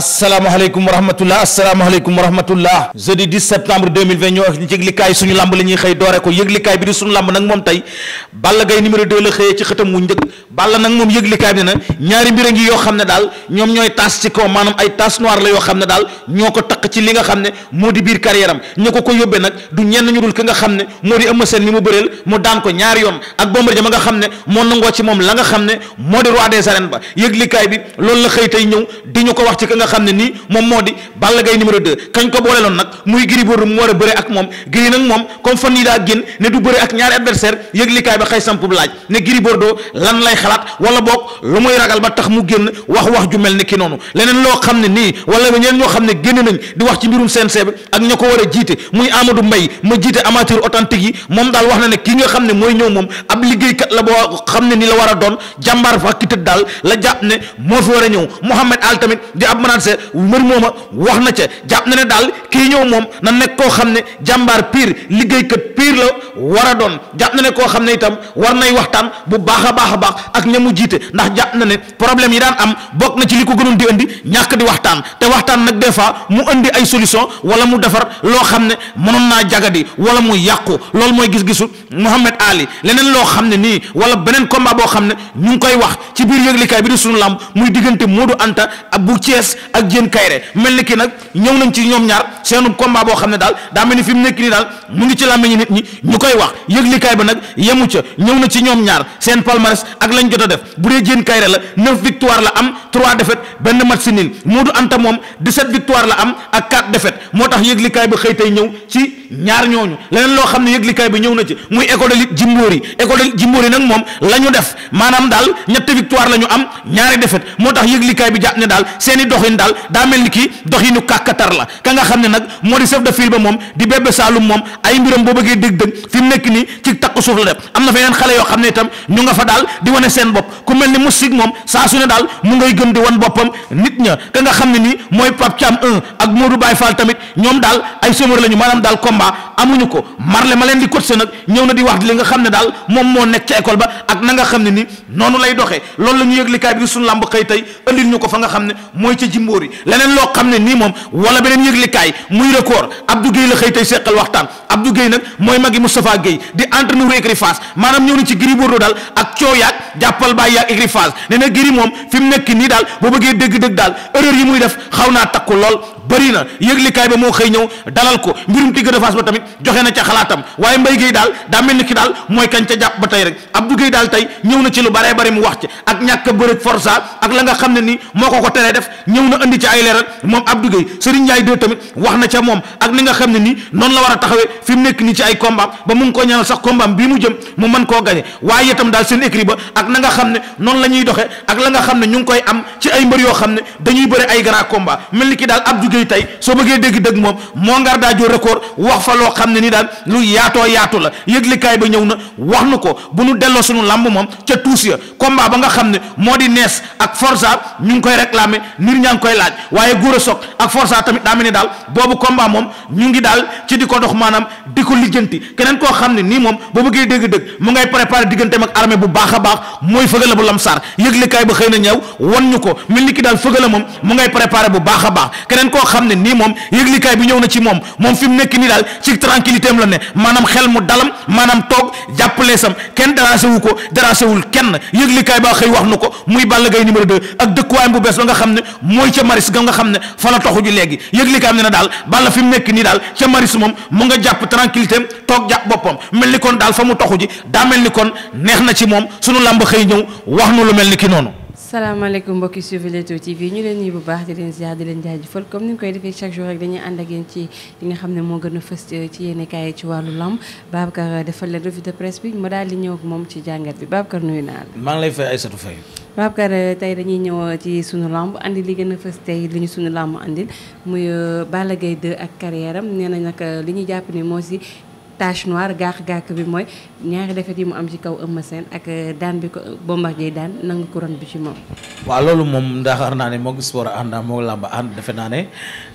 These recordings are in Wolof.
asalaamaaleykum wa rahmatullah asalaamaaleykum wa rahmatullah jeudi 10 septembre 2020 ñoo wax yëglikaay suñu lamb la ñuy xëy doore ko yëglikaay bi di suñu lamb nag moom tey Balla Gaye numéro 2 la xëyee ci xëtam wu njëkk Balla nag moom yëglikaay bi ne na ñaari mbir a ngi yoo xam ne daal ñoom ñooy taas ci kaw maanaam ay taas noir la yoo xam ne daal ñoo ko taq ci li nga xam ne moo di biir carrière am ña ko ko yóbbee nag du ñenn ñu dul ki nga xam ne moo di Eumeu Sène mi mu bëreel mu xam ne nii moom moo di Balla Gaye numéro 2 kañ ko booleeloon nag muy Gris Bordeaux mu war a bëre ak moom Gris nag moom comme fan yii daa génn ne du bëre ak ñaari adversaire yëglikaay ba xëy sampub laaj ne Gris Bordeaux lan lay xalaat wala boog lu muy ragal ba tax mu génn wax wax ju mel ni ki noonu leneen loo xam ne nii wala ñeneen ñoo xam ne génn nañ di wax ci mbirum CNG bi ak ña ko war a jiite muy Amadou Mbaye ma jiite amateur authentique yi moom daal wax na ne kii nga xam ne mooy ñëw moom ab liggéeykat la boo xam ne ni la war a doon jàmbaar fa ki tëdd daal la jàpp ne moo fi a français mbër mooma wax na ca jàpp na ne daal kii ñëw moom na nekk koo xam ne jàmbaar pire liggéeykat pire la war a doon jàpp na ne koo xam ne itam war nay waxtaan bu baax a baax a baax ak ña mu jiite ndax jàpp na ne problème yi daan am bokk na ci li ko gënoon di indi ñàkk di waxtaan te waxtaan nag des fois mu indi ay solution wala mu defar loo xam ne mënoon naa jagadi wala mu yàqu loolu mooy gis-gisu Mouhamed Ali leneen loo xam ne nii wala beneen combat boo xam ne ñu ngi koy wax ci biir yëglikaay bi di sunu lamb muy diggante Modou Anta ak bu Thiès ak jën kayre mel ni ki nag ñëw nañ ci ñoom ñaar seenu combat boo xam ne daal daa mel ni fi mu nekk nii daal mu ngi ci làmmiñu nit ñi ñu koy wax yëglikaay ba nag yemu ca ñëw na ci ñoom ñaar seen palmarès ak lañ jot a def bu dee Diène Kaïré la neuf victoire la am trois benn match si nil Modou Anta moom dix-sept la am ak quatre défaites moo tax yëglikaay bi xëy tey ñëw ci ñaar ñooñu leneen loo xam ne yëglikaay bi ñëw na ci muy école de lutte Jimbori école de nag moom la ñu def maanaam daal ñetti victoire la ñu am ñaari défaites moo tax yëglikaay bi jàpp ne daal seen i doxin daal daa mel ni kii doxinu kàkkatar la ka nga xam ne nag moo di chef de file ba moom di bébé Saloum moom ay mbiram boo bëggee dëgg-dëgg fi mu nekk nii ci takku suuf la def am na feneen xale yoo xam ne itam ñu nga fa daal di wane seen bopp ku mel ni musique moom saa su ne daal mu ngay gëm di wan boppam nit ña ka nga xam ne nii la ñu maanaam daal combat amuñu ko marle di cote nag ñëw na di li nga xam ne daal moom moo nekk ca école ba ak na nga xam ne ni noonu lay doxee loolu la ñu yëg likaay bi di suñu làmb xëy tey andil ñu ko fa nga xam ne mooy ca jimbóor yi leneen loo xam ne nii moom wala muy record Abdou Guèye la xëy tey seqal waxtaan Abdou Guèye nag mooy magi Moustapha Guèye di entraîneur écurie Fass maanaam ñëw na ci Gris Bordeaux daal ak coow yaag jàppal bàyyi yaag écurie Fass nee na Gris moom fi mu nekk nii daal boo bëggee dégg-dégg daal erreur yi muy def xaw naa takku lool bëri na yëglikaay ba moo xëy ñëw dalal ko mbirum Tigre de Fass ba tamit joxe na ca xalaatam waaye Mbaye Guèye daal daa mel ni ki daal mooy kañ ca jàpp ba tey rek Abdou Guèye daal tey ñëw na ci lu baree bari mu wax ci ak ñàkk a bërëg forsa ak la nga xam ne nii moo ko ko teree def ñëw na andi ci ay leeral moom Abdou Guèye Serigne Ndiaye deux tamit wax na ca moom ak ni nga xam ne nii noonu la war a taxawee fi mu nekk nii ci ay combat ba mu ngi ko ñaanal sax combat bii mu jëm mu mën koo gañe waaye itam daal seen écrit ba ak na nga xam ne noonu la ñuy doxee ak la nga xam ne ñu ngi koy am ci ay mbër yoo xam ne dañuy bëri ay grand combat mel liggéey tey soo bëggee dégg dëgg moom moo ngar daa joo record wax fa loo xam ne ni daal lu yaatoo yaatu la yëglikaay ba ñëw na wax nu ko bu nu delloo suñu làmb moom ca tuus ya combat ba nga xam ne moo di nees ak forsa ñu ngi koy réclamer nit ñaa ngi koy laaj waaye góor a soog ak forsa tamit daa mel ni daal boobu combat moom ñu ngi daal ci di ko dox maanaam di ko lijjanti keneen koo xam ne nii moom boo bëggee dégg dëgg mu ngay préparé digganteem ak armée bu baax a baax mooy fëgala bu lamsaar yëglikaay ba xëy na ñëw wan ñu ko mel ni ki daal fëgala moom mu ngay préparé a xam ne nii moom yëglikaay bi ñëw na ci moom moom fi mu nekk nii daal ci tranquillité am la ne maanaam xel mu dalam maanaam toog jàppale sam kenn dérangé wu ko dérangé wul kenn yëglikaay ba xëy wax na ko muy Balla Gaye numéro 2 ak dëkkuwaayam bu bees ba nga xam ne mooy ca maris ga nga xam ne fa la toxu ju léegi yëglikaay am ne na daal Balla fi mu nekk nii daal ca maris moom mu nga jàpp tranquillité am toog jàpp boppam mel ni kon daal fa mu toxu ji daa mel ni kon neex na ci moom sunu làmb xëy ñëw wax nu lu mel ni ki noonu salaamaaleykum mbokki suivi Leewtoo TV ñu leen nuyu bu baax di leen ziar di leen jaajëfal comme ni ñu koy defee chaque jour rek dañuy ànd ak yéen ci li nga xam ne moo gën a fës euh, ci yéen kaay ci wàllu lamb Babacar euh, defal leen revue de presse bi ma daal di ñëw ak moom ci jàngat bi Babacar nuyu naa la. maa ngi lay fay Aïssatou Faye. Babacar euh, tey dañuy ñëw ci suñu lamb andi li gën a fës tey li ñu suñu lamb andil muy Balla Gaye 2 ak carrière nee na nag li ñu jàpp ni moo si tache noire gàq-gàq bi mooy ñaari defet yi mu am ci kaw Eumeu Sène ak euh, daan bi ko euh, Bombardier daan nangu couronne bi ci moom waaw loolu moom ndaxar naa ne moog sport ànd moog làmb ànd defe naa ne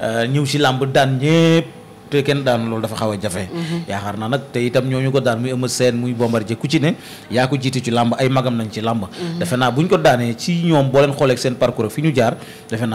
euh, ñëw ci làmb daan ñëpp te kenn daan loolu dafa xaw a jafe mhm. yaakaar naa nag te itam ñooñu ko daan muy Eumeu Sène muy Bombardier ku ci ne yaa ko jiitu ci làmb ay magam nañ ci làmb mhm. defe naa buñ ko daanee ci ñoom boo leen xoolee seen parcours fi ñu jaar defe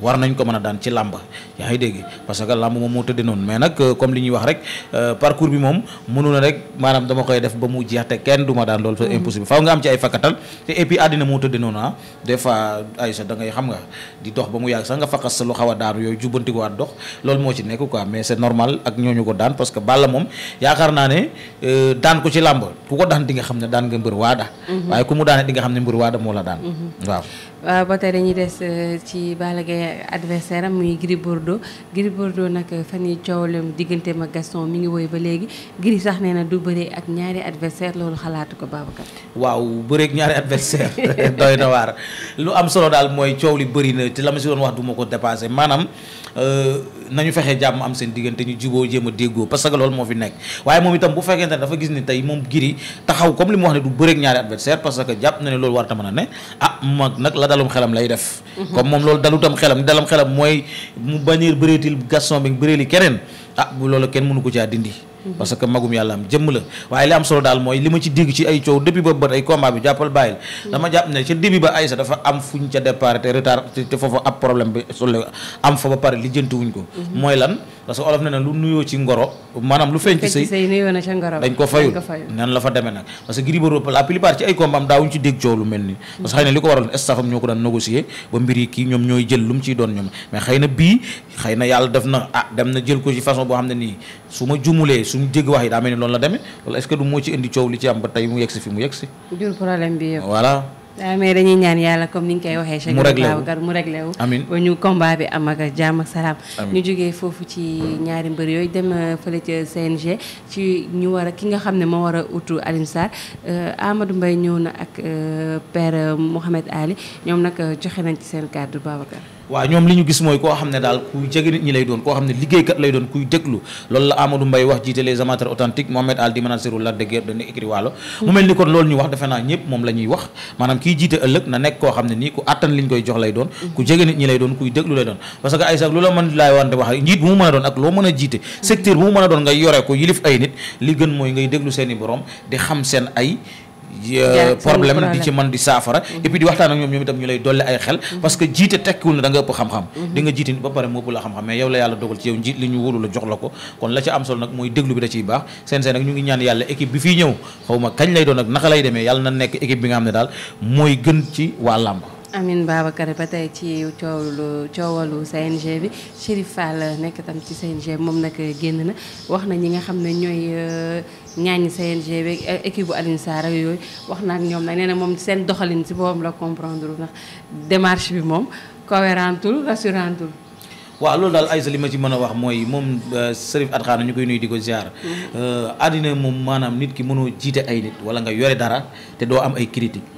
war nañ ko mën a daan ci làmb yaa ngi dégg parce que làmb moom moo tëddee noonu mais nag euh, comme li ñuy wax rek euh, parcours bi moom mënu rek maanaam dama koy def ba mu jeex te kenn du ma daan loolu c'est mm-hmm. impossible faaw nga am ci ay fakkatal te et àddina moo tëddee noonu ah des fois xam nga di dox ba mu yàgg sax nga fakkas sa lu xaw a daanu yooyu jubbanti ko waat dox loolu moo ci nekk quoi mais c'est normal ak ñooñu ko daan parce que Balla moom yaakaar naa ne euh, daan ko ci làmb ku ko daan xam ne daan nga mbër waada mm-hmm. waaye ku mu daane xam ne mbër waada moo la daan mm-hmm. waaw waaw euh, ba tey dañuy des euh, ci Balla Gaye adversaire am muy Gris Bordeaux Gris Bordeaux nag fan yi coowalem diggante ma Gaston mi ngi woy ba léegi Gris sax nee na du bëre ak ñaari adversaire loolu xalaatu ko Babacar waaw bëre ak ñaari adversaire doy na waar lu am solo daal mooy coow li bëri na te la ma si doon wax du ma ko dépassé maanaam euh, nañu fexe jàmm am seen diggante ñu juboo jéem a déggoo parce que lool moo fi nekk waaye moom itam bu fekkente ne dafa gis ni tey moom Gris taxaw comme li mu wax ne du bëre que jàpp na ne loolu war ta a dalum xelam lay def comme moom loolu dalutam xelam dalam xelam mooy mu bañir bëreetil Gaston bi bëreeli keneen ah bu kenn mënu ko caa dindi parce que magum yàlla am jëmm la waaye li am solo daal mooy li ma ci dégg ci ay coow depuis ba bët ay combat bi jàppal bàyyil dama jàpp ne ca début ba Aïssa dafa am mhm. lu nuyoo ci ngoro maanaam lu feeñ sëy dañ ko fayul nan la fa demee nag parce que Gris Bordeaux la plupart ci ay combat am daawuñ ci dégg coow lu mel nii parce que xëy na li ko waral staff am ñoo ko daan négocier ba mbir yi kii ñoom ñooy jël lu mu doon ñoom mais xëy na bii xëy na yàlla def na ah, suñu dégg wax yi daa mel ni loolu la demee wala est-ce que du moo ci indi coow li ci am ba tey mu yegsi fi mu yegsi. jur problème bi yëpp voilà. waaw ah, dañuy ñaan yàlla comme ni nga koy waxee. mu réglé wu Cheikh ñu combat bi am ak jàmm ak salaam. ñu jógee foofu ci ñaari mbër yooyu dem euh, fële ca CNG. ci ñu war a ki nga xam ne moo war a utu Alioune Sarr euh, Amadou Mbaye ñëw na ak euh, père Mouhamed Ali ñoom nag joxe nañ ci seen kàddu Babacar. waaw ñoom li ñu gis mooy koo xam ne daal kuy jege nit ñi lay doon koo xam ne liggéeykat lay doon kuy déglu loolu la Amadou Mbaye wax jiite les amateurs authentiques Mohamed Al Dimanasirou Lac de Guiers dana écrit waalo mu mel ni kon loolu ñu wax defe naa ñëpp moom la wax maanaam kiy jiite ëllëg na nekk koo xam ne nii ku attan li ñu koy jox lay doon ku jege nit ñi lay doon kuy déglu lay doon parce que ay sax lu la mën laay wax njiit bu mu mën a doon ak loo mën a jiite secteur bu mu mën a doon nga yore ko yilif ay nit di xam seen ay Euh, problème di ci mën di saafara mm-hmm. et puis di waxtaan ak ñoom ñoom itam ñu lay dolli ay xel mm-hmm. parce que jiite tekkiwul ne da nga ëpp xam-xam mm-hmm. di nga jiite nit ba pare moo ëpp la xam-xam mais yow la yàlla dogal ci yow li ñu wóolu la jox la ko kon la ca am solo nag mooy déglu bi da ciy baax seen seen nag ñu ngi ñaan yàlla équipe bi fii ñëw xaw ma kañ lay doon ak naka demee yàlla na nekk équipe bi nga xam ne daal mooy gën ci waa amin Babacar ba tey ci coowlu coowalu CNG bi Chérif Fall nekk tam ci CNG bi moom nag génn na wax na ñi nga xam ne ñooy ñaañi euh, CNG bi équipe bu Alioune Sarr ak yooyu wax na ñoom nag nee na moom seen doxalin si boobam la comprendre ndax démarche bi moom cohérentul rassurantul waaw loolu daal Aïssa li ma ci mën a wax mooy moom euh, Chérif Atkhana ñu koy nuyu di ko ziar mm-hmm. euh, àddina moom maanaam nit ki mënoo jiite ay nit wala nga yore dara te doo am ay critique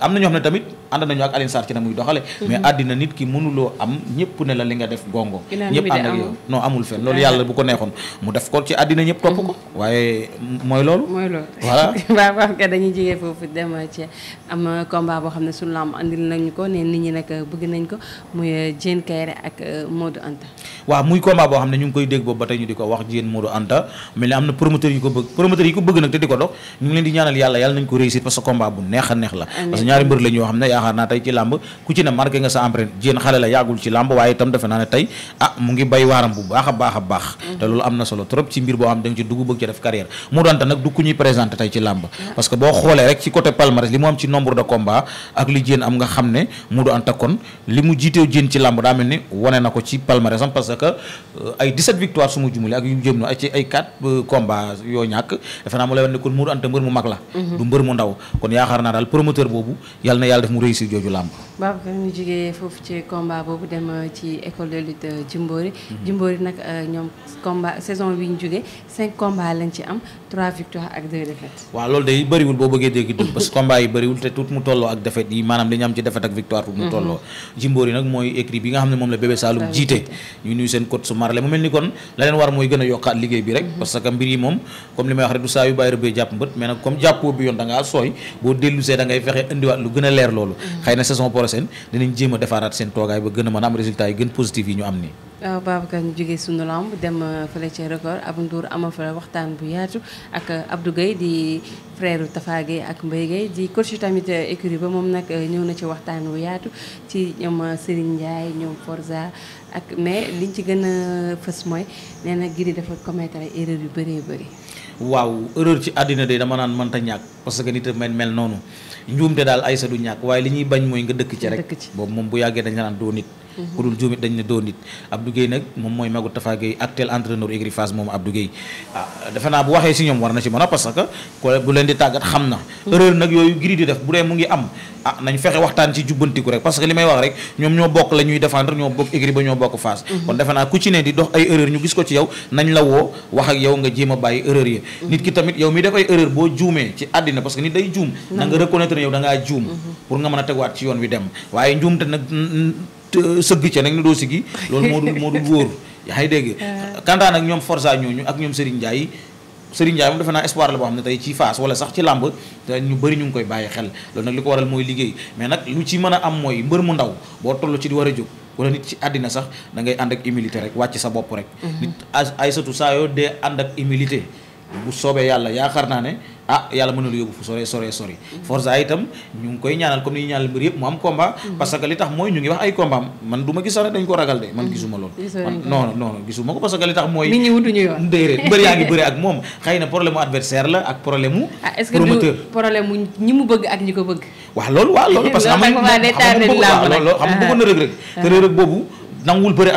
am na ñoo xam ne tamit ànd nañu ak Alioune Sarr ci na muy doxale mais àddina nit ki mënuloo am ñëpp ne li nga def gongo ñëpp ànd ak yow non loolu ah. yàlla bu ko neexoon def ko ci àddina ñëpp topp ko mm-hmm. waaye mooy loolu mooy loolu voilà waaw waaw kay dañuy jógee foofu dem am combat boo xam ne suñu lamb andil nañu ko ne nit ñi nag bëgg nañ ko muy Diène Kaïré ak Modou Anta waaw muy combat boo xam ne ñu ngi koy dégg boobu ba ñu di ko wax Diène Modou Anta mais am na promoteur yu ko bëgg promoteur yi ko bëgg nag te di ko dox ñu leen di ñaanal yàlla yàlla nañ ko réussir parce que combat bu a ñaari mbër la ñoo xam ne yaakaar naa tey ci làmb ku ci ne marqué nga sa empreinte jéen xale la yàggul ci làmb waaye itam defe naa ne tey ah mu ngi bay waaram bu baax a baax a baax mm-hmm. te loolu am na solo trop ci mbir boo xam da ci dugg bëgg ci def carrière mu du anta kon li mu jiitew jéen ci làmb daa ni wane na ko ci palmarès parce que euh, ay 17 victoires su ma jumale ak yu jëm na ci ay 4 euh, combat yoo ñàkk defe naa mu lay wane kon mu du anta mbër yàlla na yàlla def mu réussir jooju làmb Babacar ñu jógee foofu ci combat boobu dem euh, ci école de lutte euh, Djimbory mhm. nag euh, ñoom combat saison bi ñu jógee cinq combats lañ ci am trois victoires ak deux défaites loolu day bëriwul boo bëggee dégg dëgg parce que combat yi bëriwul te tuut mu tolloo ak défaites yi maanaam li ñu ci défaite ak victoire tuut mu mhm. tolloo Djimbory nag mooy écrit bi nga xam ne moom la bébé jiite ñu nuyu seen coach su marale mu mel ni kon la indiwaat lu gën a leer loolu xay na saison prochaine dinañ jéem a seen toogaay ba gën a mën a am résultat yu gën positif yi ñu am nii waaw Babacar ñu jógee sunu lamb dem euh, fële ci record Abou Ndour amal fa waxtaan bu yaatu ak euh, Abdou Gueye di frère Tafa Gueye ak Mbaye Gueye di coach tamit euh, écurie ba moom nag ñëw na ci waxtaan bu yaatu ci ñoom Serigne Ndiaye ñoom Forza ak mais liñ ci gën a fës mooy nee na Gris dafa commettre erreur yu bëree bëri waaw erreur ci àddina de dama naan mënta ñàkk parce que nit a mel mel noonu njuumte daal ay sa du ñàkk waaye li ñuy bañ mooy nga dëkk ci rek boobu moom bu yàggee dañ la doo nit ku dul juumit dañ ne doo nit Abdou nag moom mooy magu Tafa Guèye actuel entraîneur écurie Fass moom Abdou Guèye ah, defe naa bu waxee si ñoom war na si mën a parce ko leen mm-hmm. ah, mm-hmm. di dox ay erreur ñu gis ko ci yow nañ la woo wax ak yow nga jéem bàyyi erreur yi mm-hmm. nit ki tamit yow mi def ay erreur boo juumee ci àddina parce nit day juum na nga reconnaître yow da juum pour nga mën a tegaat ci yoon wi dem waaye njuumte nag sëgg ca nag ne doo sigi loolu moo dul wóor yaa dégg ah. kantaan ak ñoom Forza ñooñu ak ñoom Serigne Ndiaye Serigne Ndiaye moom defe naa espoir la boo xam ne tey ci phase wala sax ci làmb te ñu bëri ñu ngi koy bàyyi xel loolu nag li ko waral mooy liggéey mais nag lu ci mën a am mooy mbër mu ndaw boo toll ci di war a jóg wala nit ci àddina sax dangay ngay ànd ak humilité rek wàcc sa bopp rek mhm. nit ay satu saa yoo dee ànd ak humilité bu soobee yàlla yaakaar naa ne ah yàlla mën na lu yóbbu fu sore sore sori Forza itam ñu ngi koy ñaanal comme ni ñu ñaanal mbir yëpp mu am combat parce que li tax mooy ñu ngi wax ay combat man du ma gis sax ne dañ ko ragal de man gisuma lool man non non gisuma ko parce que li tax mooy nit ñi wutuñu yoon déedéet mbër yaa ngi bëri ak moom xëy na problème mu adversaire la ak problème mu promoteur problème ñi mu bëgg ak ñi ko bëgg waaw loolu waaw loolu parce que xam nga na rëg rëg te rëg rëg boobu nanguwul bëri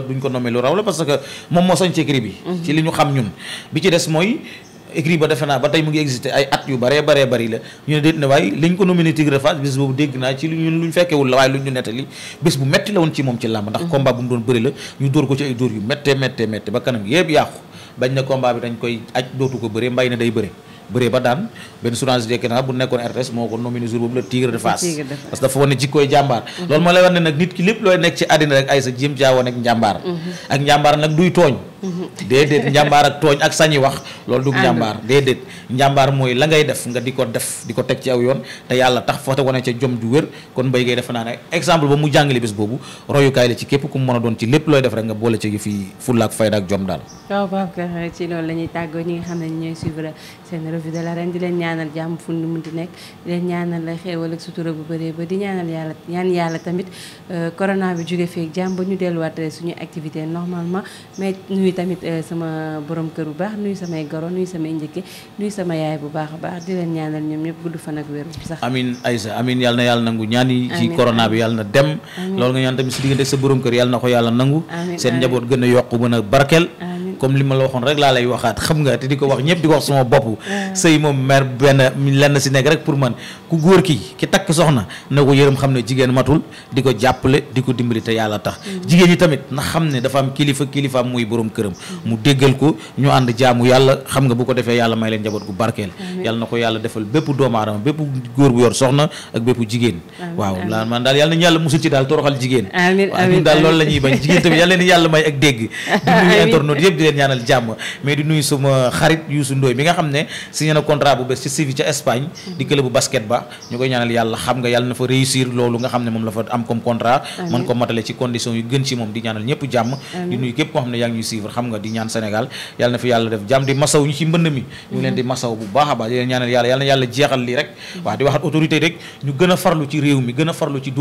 Clédor duñ ko nommé lu raw la parce que moom moo sañ ci écrit bi mhm. ci li ñu xam ñun bi ci des mooy écrit ba defe naa ba tey mu ngi existé ay at yu baree baree bari la ñu ne déet ne waaye liñ ko nominé Tigre de Fass bés boobu dégg naa ci ñun luñ fekkewul la waaye luñ ñu nettali bés bu metti la woon ci moom ci làmb ndax mhm. combat bu mu doon bëri la ñu dóor ko ci ay dóor yu métte métte métte ba kanam yëpp yàqu bañ na combat bi dañ koy aj dootu ko bëre mbay bëree ba daan benn sourance dekenaa bu nekkoon RTS moo ko nominé jour boobu le tigre de parce que dafa wane jikkooy jàmbaar mhm. loolu moo lay wan ne nag nit ki lépp looy nekk ci àddina rek ay sa jéem jaawoon ak njàmbaar mhm. ak njàmbaar nag duy tooñ déedéet njàmbaar ak tooñ ak sañi wax loolu du njàmbaar déedéet njàmbaar mooy la ngay def nga di ko def di ko teg ci aw yoon te yàlla tax foo te wane ci a doon ci lépp looy def rek nga boole ci fulla ak fayda ak jom daal waaw Babacar ci loolu la de l'arène di leen ñaanal jàmm fu nu munti nekk leen ñaanal la xéewal ak sutura bu bëree ba di ñaanal yàlla tamit euh, corona bi jóge feeg jàmm ba ñu delluwaat suñu activité normalement mais nuyu tamit eh, sama borom kër bu baax nuyu samay goro nuyu samay njëkke nuyu sama yaay bu baax a baax di leen ñaanal ñoom ñëpp gudd fan ak wér sax amin Aïssa amin yàlla na yàlla nangu ñaan yi ci corona bi yàlla na dem loolu nga ñaan tamit si diggante sa borom kër yàlla na ko yàlla nangu seen njaboot gën a yokk gën a barkeel comme li ma la waxoon rek laa lay waxaat xam nga te di ko wax ñëpp di ko wax sama bopp sëy moom mer benn lenn si nekk rek pour man ku góor ki ki takk soxna na ko yërëm xam ne jigéen matul di ko jàppale di ko dimbali te yàlla tax mm. jigéen ñi tamit na xam ne dafa am kilifa kilifaam muy borom këram mm. mu déggal ko ñu ànd jaamu yàlla xam nga bu ko defee yàlla may leen njaboot gu barkeel yàlla na ko yàlla defal bépp doomu aadama bépp góor bu yor soxna ak bépp jigéen waaw laa man daal yàlla nañu la ñuy bañ leen ñaanal jàmm mais di nuyu suma xarit Youssou Ndoye bi nga xam ne signé na contrat bu bees ci Séville ca Espagne di club bu basket ba ñu koy ñaanal yàlla xam nga yàlla na fa réussir loolu nga xam ne moom la fa am comme contrat mën ko matale ci condition yu gën ci moom di ñaanal ñëpp jàmm di nuyu képp koo xam ne yaa ñuy suivre xam nga di ñaan Sénégal yàlla na fi yàlla def jàmm di masaw ñu ci mbënd mi ñu leen di masaw bu baax a baax yàlla yàlla na a farlu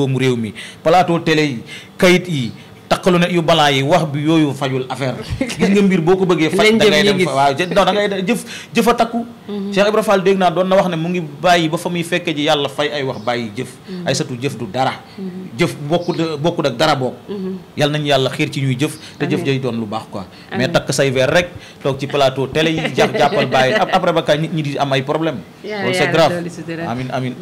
a takkalu ne yu balaa yi wax bi yooyu fajul affaire gis nga mbir boo ko bëggee faj da ngay dem waaw non da ngay jëf jëf a takku mhm. Cheikh Ibra Fall dégg naa doon na wax ne mu ngi bàyyi ba fa muy fekke ji yàlla fay ay wax bàyyi jëf mhm. ay satu jëf du dara mhm. jëf bokkut bokkut ak dara boog yal nañu yàlla xiir ci ñuy jëf te jëf jay doon lu baax quoi mais takk say weer rek toog ci plateau télé yi jax jàppal bàyyi après ba kañ nit ñi di am ay problème loolu c'est grave amin amin